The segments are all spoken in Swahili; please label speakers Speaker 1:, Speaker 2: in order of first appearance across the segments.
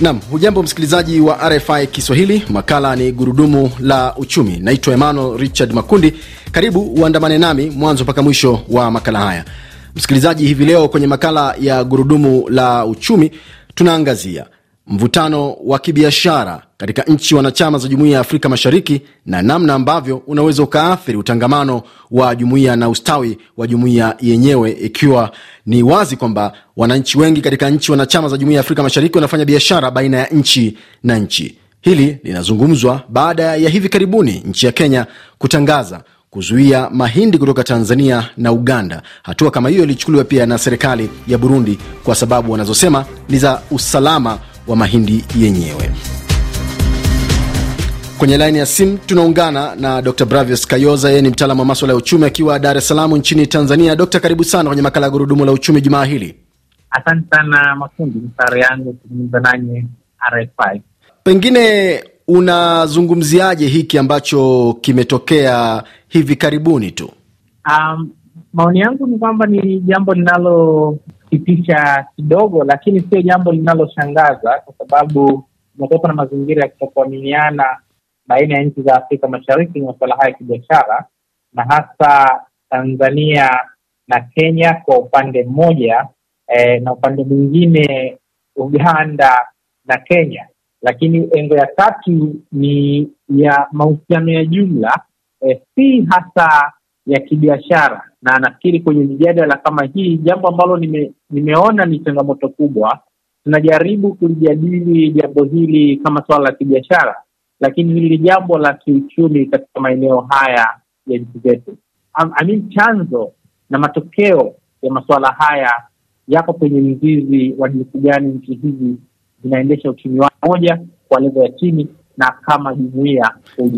Speaker 1: Nam, hujambo msikilizaji wa RFI Kiswahili. Makala ni gurudumu la uchumi. Naitwa Emmanuel Richard Makundi. Karibu uandamane nami mwanzo mpaka mwisho wa makala haya, msikilizaji. Hivi leo kwenye makala ya gurudumu la uchumi tunaangazia mvutano wa kibiashara katika nchi wanachama za jumuiya ya Afrika Mashariki na namna ambavyo unaweza ukaathiri utangamano wa jumuiya na ustawi wa jumuiya yenyewe, ikiwa ni wazi kwamba wananchi wengi katika nchi wanachama za jumuiya ya Afrika Mashariki wanafanya biashara baina ya nchi na nchi. Hili linazungumzwa baada ya hivi karibuni nchi ya Kenya kutangaza kuzuia mahindi kutoka Tanzania na Uganda. Hatua kama hiyo ilichukuliwa pia na serikali ya Burundi kwa sababu wanazosema ni za usalama wa mahindi yenyewe. Kwenye laini ya simu tunaungana na Dr Bravius Kayoza, yeye ni mtaalamu wa maswala ya uchumi akiwa Dar es Salaam nchini Tanzania. Dokta, karibu sana kwenye makala ya gurudumu la uchumi jumaa hili.
Speaker 2: Asante sana Makundi, mstari yangu kuzungumza nanye RFI.
Speaker 1: Pengine unazungumziaje hiki ambacho kimetokea hivi karibuni
Speaker 2: tu? Um, maoni yangu ni kwamba ni jambo linalo kipicha kidogo, lakini sio jambo linaloshangaza kwa sababu umetoka na mazingira ya kutokuaminiana baina ya nchi za Afrika Mashariki kwenye masuala haya ya kibiashara, na hasa Tanzania na Kenya kwa upande mmoja eh, na upande mwingine Uganda na Kenya. Lakini engo ya tatu ni ya mahusiano ya jumla eh, si hasa ya kibiashara na nafikiri kwenye mijadala kama hii, jambo ambalo nime, nimeona ni changamoto kubwa, tunajaribu kulijadili jambo hili kama swala la kibiashara, lakini hili jambo la kiuchumi katika maeneo haya ya nchi zetu. I mean, chanzo na matokeo ya masuala haya yako kwenye mzizi wa jinsi gani nchi hizi zinaendesha uchumi wao moja kwa levo ya chini
Speaker 1: na kama jumuia.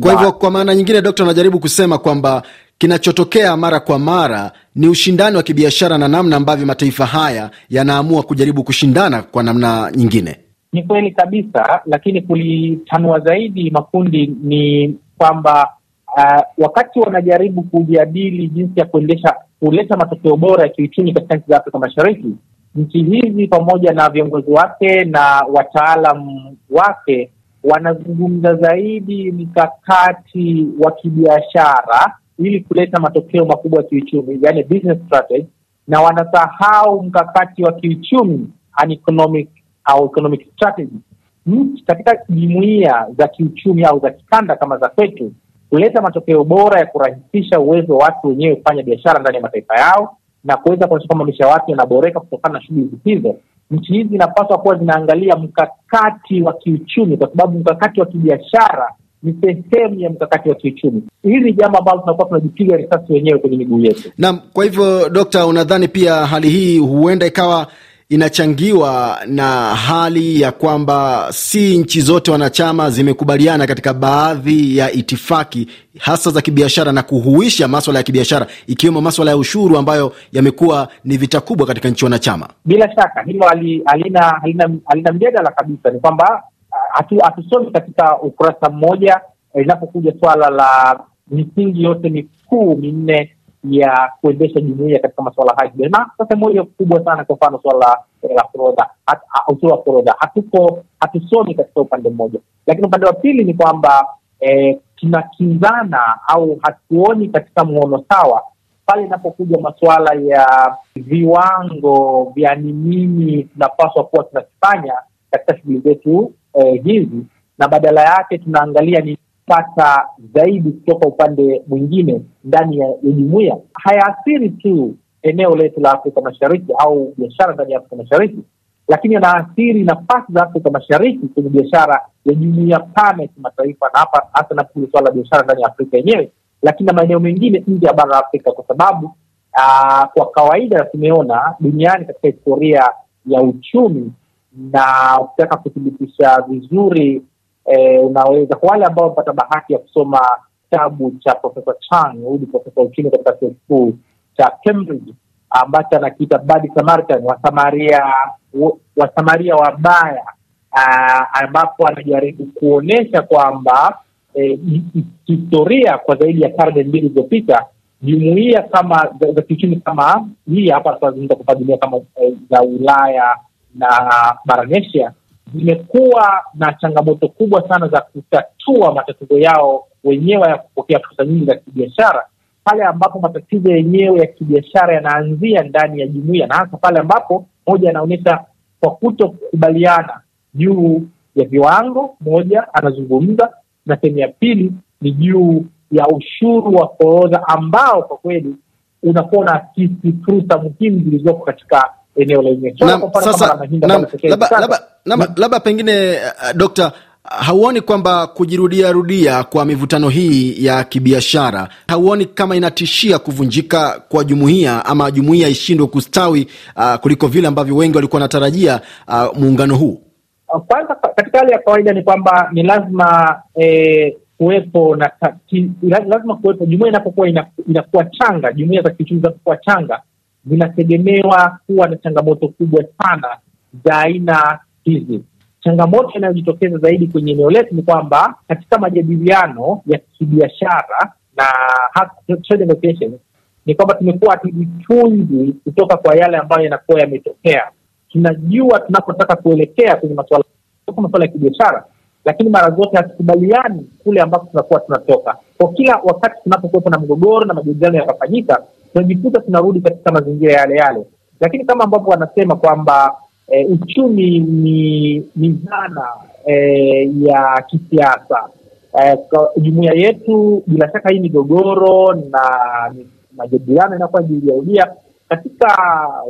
Speaker 1: Kwa hivyo, kwa maana nyingine, Dokta, anajaribu kusema kwamba Kinachotokea mara kwa mara ni ushindani wa kibiashara na namna ambavyo mataifa haya yanaamua kujaribu kushindana kwa namna nyingine.
Speaker 2: Ni kweli kabisa, lakini kulitanua zaidi makundi ni kwamba uh, wakati wanajaribu kujadili jinsi ya kuendesha kuleta matokeo bora ya kiuchumi katika nchi za Afrika Mashariki, nchi hizi pamoja na viongozi wake na wataalam wake wanazungumza zaidi mikakati wa kibiashara ili kuleta matokeo makubwa ya kiuchumi, yani business strategy, na wanasahau mkakati wa kiuchumi an economic au economic strategy. Nchi katika jumuiya za kiuchumi au za kikanda kama za kwetu kuleta matokeo bora ya kurahisisha uwezo wa watu wenyewe kufanya biashara ndani ya mataifa yao na kuweza kuonyesha kwamba maisha ya watu yanaboreka kutokana na shughuli hizo. Nchi hizi zinapaswa kuwa zinaangalia mkakati wa kiuchumi, kwa sababu mkakati wa kibiashara ni sehemu ya mkakati wa kiuchumi. Hili ni jambo ambalo tunakuwa tunajipiga risasi wenyewe kwenye miguu yetu.
Speaker 1: Naam, kwa hivyo Dokta, unadhani pia hali hii huenda ikawa inachangiwa na hali ya kwamba si nchi zote wanachama zimekubaliana katika baadhi ya itifaki hasa za kibiashara na kuhuisha maswala ya kibiashara ikiwemo maswala ya ushuru ambayo yamekuwa ni vita kubwa katika nchi wanachama.
Speaker 2: Bila shaka hilo halina halina mjadala kabisa, ni kwamba hatusomi katika ukurasa mmoja eh, linapokuja swala la misingi yote mikuu minne ya kuendesha jumuia katika masuala hayo. Sasa moja kubwa sana, kwa mfano swala la forodha, ah, ushuru wa forodha hatuko hatusomi katika upande mmoja, lakini upande wa pili ni kwamba eh, tunakinzana au hatuoni katika muono sawa pale inapokuja masuala ya viwango vya ni nini tunapaswa kuwa tunakifanya katika shughuli zetu eh, hizi na badala yake tunaangalia ni pata zaidi kutoka upande mwingine ndani ya jumuia. Hayaathiri tu eneo letu la Afrika Mashariki au biashara ndani ya Afrika Mashariki, lakini yanaathiri nafasi za Afrika Mashariki kwenye biashara ya jumuia pana ya kimataifa, na hapa hasa nakule suala la biashara ndani ya Afrika yenyewe, lakini na maeneo mengine nje ya bara la Afrika, kwa sababu aa, ah, kwa kawaida tumeona duniani katika historia ya uchumi na ukitaka kuthibitisha vizuri e, eh, unaweza kwa wale ambao wamepata bahati ya kusoma kitabu cha Profesa chan huyu ni profesa uchini katika chuo kikuu cha Cambridge ambacho anakiita Bad Samaritan, wasamaria wasamaria wabaya, ah, ambapo anajaribu kuonyesha kwamba eh, historia kwa zaidi ya karne mbili ilizopita jumuia kama za kiuchumi kama hii hapa tunazungumza kufadhiliwa kama eh, za Ulaya na Baranesia zimekuwa na changamoto kubwa sana za kutatua matatizo yao wenyewe ya kupokea fursa nyingi za kibiashara, pale ambapo matatizo yenyewe ya kibiashara yanaanzia ndani ya jumuiya, na hasa pale ambapo moja anaonyesha kwa kutokubaliana juu ya viwango, moja anazungumza, na sehemu ya pili ni juu ya ushuru wa forodha ambao kwa kweli unakuwa unaakisi fursa muhimu zilizoko katika eneo lenyewe.
Speaker 1: Labda pengine uh, Dokta, hauoni kwamba kujirudia rudia kwa mivutano hii ya kibiashara, hauoni kama inatishia kuvunjika kwa jumuia ama jumuia ishindwe kustawi uh, kuliko vile ambavyo wengi walikuwa
Speaker 2: wanatarajia uh, muungano huu? Kwanza katika hali ya kawaida ni kwamba ni lazima eh, kuwepo na lazima kuwepo jumuia inapokuwa inakuwa changa, jumuia za kiuchumi zinapokuwa changa zinategemewa kuwa na changamoto kubwa sana za aina hizi. Changamoto inayojitokeza zaidi kwenye eneo letu ni kwamba katika majadiliano ya kibiashara na trade negotiations, ni kwamba tumekuwa hatujifunzi kutoka kwa yale ambayo yanakuwa yametokea. Tunajua tunapotaka kuelekea kwenye masuala ya kibiashara, lakini mara zote hatukubaliani kule ambapo tunakuwa tunatoka. Kwa kila wakati tunapokuwepo na mgogoro na majadiliano yakafanyika tunajikuta tunarudi katika mazingira yale yale, lakini kama ambavyo wanasema kwamba e, uchumi ni ni dhana e, eh, ya kisiasa e, jumuiya yetu, bila shaka hii migogoro na majadiliano inakuwa jirudiarudia katika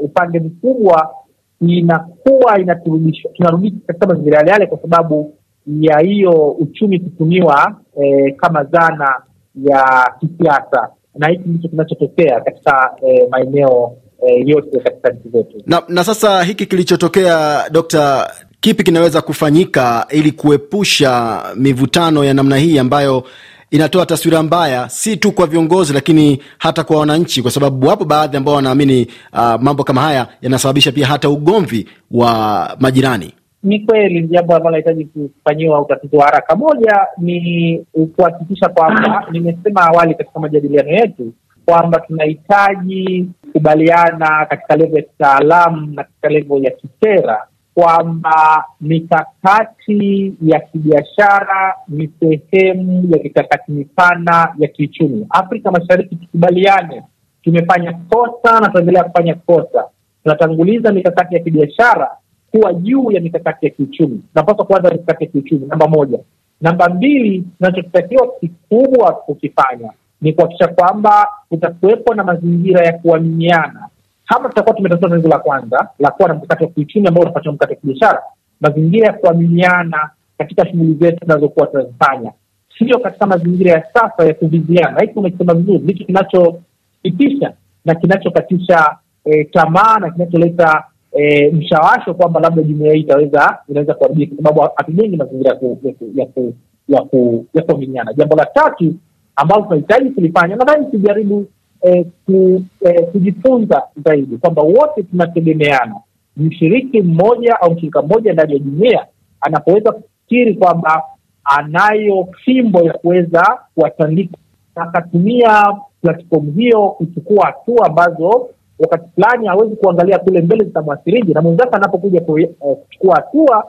Speaker 2: upande mkubwa inakuwa inaturudisha tunarudisha katika mazingira yale yale, kwa sababu ya hiyo uchumi kutumiwa e, kama zana ya kisiasa na hiki ndicho kinachotokea katika e, maeneo e, yote katika nchi zetu. Na, na sasa hiki
Speaker 1: kilichotokea Dokta, kipi kinaweza kufanyika ili kuepusha mivutano ya namna hii ambayo inatoa taswira mbaya si tu kwa viongozi lakini hata kwa wananchi, kwa sababu wapo baadhi ambao wanaamini uh, mambo kama haya yanasababisha pia hata ugomvi wa majirani.
Speaker 2: Ni kweli jambo ambalo nahitaji kufanyiwa utafiti wa haraka. Moja ni kuhakikisha kwamba, ah. nimesema awali katika majadiliano yetu kwamba tunahitaji kubaliana katika levo ya kitaalamu na katika levo ya kisera kwamba mikakati ya kibiashara ni sehemu ya mikakati mipana ya kiuchumi. Afrika Mashariki, tukubaliane, tumefanya kosa na tunaendelea kufanya kosa. Tunatanguliza mikakati ya kibiashara kuwa juu ya mikakati ya kiuchumi. Tunapaswa kuanza mikakati ya kiuchumi, namba moja. Namba mbili, tunachotakiwa kikubwa kukifanya ni kuhakikisha kwamba kutakuwepo na mazingira ya kuaminiana. Kama tutakuwa tumetatua tatizo la kwanza la kuwa na mkakati wa kiuchumi ambao unapatiwa mkakati wa kibiashara, mazingira ya kuaminiana katika shughuli zetu zinazokuwa tunazifanya, sio katika mazingira ya sasa ya kuviziana. Hiki umekisema vizuri, ndicho kinachopitisha na kinachokatisha eh, tamaa na kinacholeta e, mshawasho kwamba labda jumuia hii itaweza inaweza kuharibia kwa sababu hatujengi mazingira ya kuvinyana. Jambo la tatu ambalo tunahitaji kulifanya, nadhani tujaribu e, ku, e, kujifunza zaidi kwamba wote tunategemeana. Mshiriki mmoja au mshirika mmoja ndani ya jumuia anapoweza kufikiri kwamba anayo fimbo ya kuweza kuwatandika, akatumia platform hiyo kuchukua hatua ambazo wakati fulani hawezi kuangalia kule mbele zitamwathiriji, na mwenzake anapokuja eh, kuchukua hatua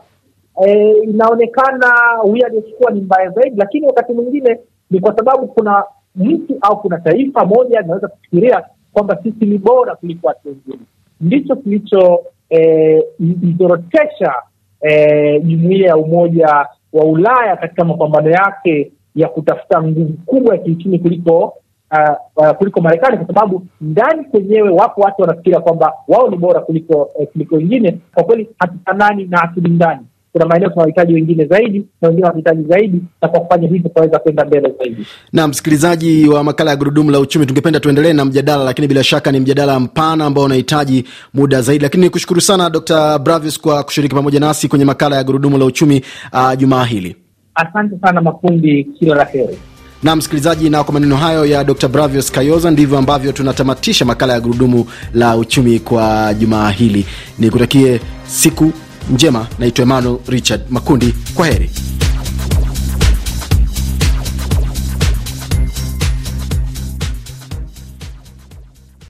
Speaker 2: e, inaonekana huyu aliyochukua ni mbaya zaidi, lakini wakati mwingine ni kwa sababu kuna mtu au kuna taifa moja linaweza kufikiria kwamba sisi ni bora kuliko watu wengine. Ndicho kilichomzorotesha eh, e, e, jumuia ya Umoja wa Ulaya katika mapambano yake ya kutafuta nguvu kubwa ya kiuchumi kuliko uh, uh, kuliko Marekani, kwa sababu ndani kwenyewe wapo watu wanafikira kwamba wao ni bora kuliko eh, kuliko wengine. Kwa kweli hatufanani na hatulingani kuna maeneo tunahitaji wengine zaidi na wengine wanahitaji zaidi, na kwa kufanya hivyo tunaweza kwenda mbele zaidi.
Speaker 1: Na msikilizaji wa makala ya gurudumu la uchumi, tungependa tuendelee na mjadala, lakini bila shaka ni mjadala mpana ambao unahitaji muda zaidi. Lakini nikushukuru sana Dr. Bravius kwa kushiriki pamoja nasi kwenye makala ya gurudumu la uchumi uh, jumaa hili. Asante sana mafundi, kila la heri. Na msikilizaji, na kwa maneno hayo ya Dr Bravios Kayoza, ndivyo ambavyo tunatamatisha makala ya gurudumu la uchumi kwa jumaa hili. ni kutakie siku njema. Naitwa Emmanuel Richard Makundi, kwa heri.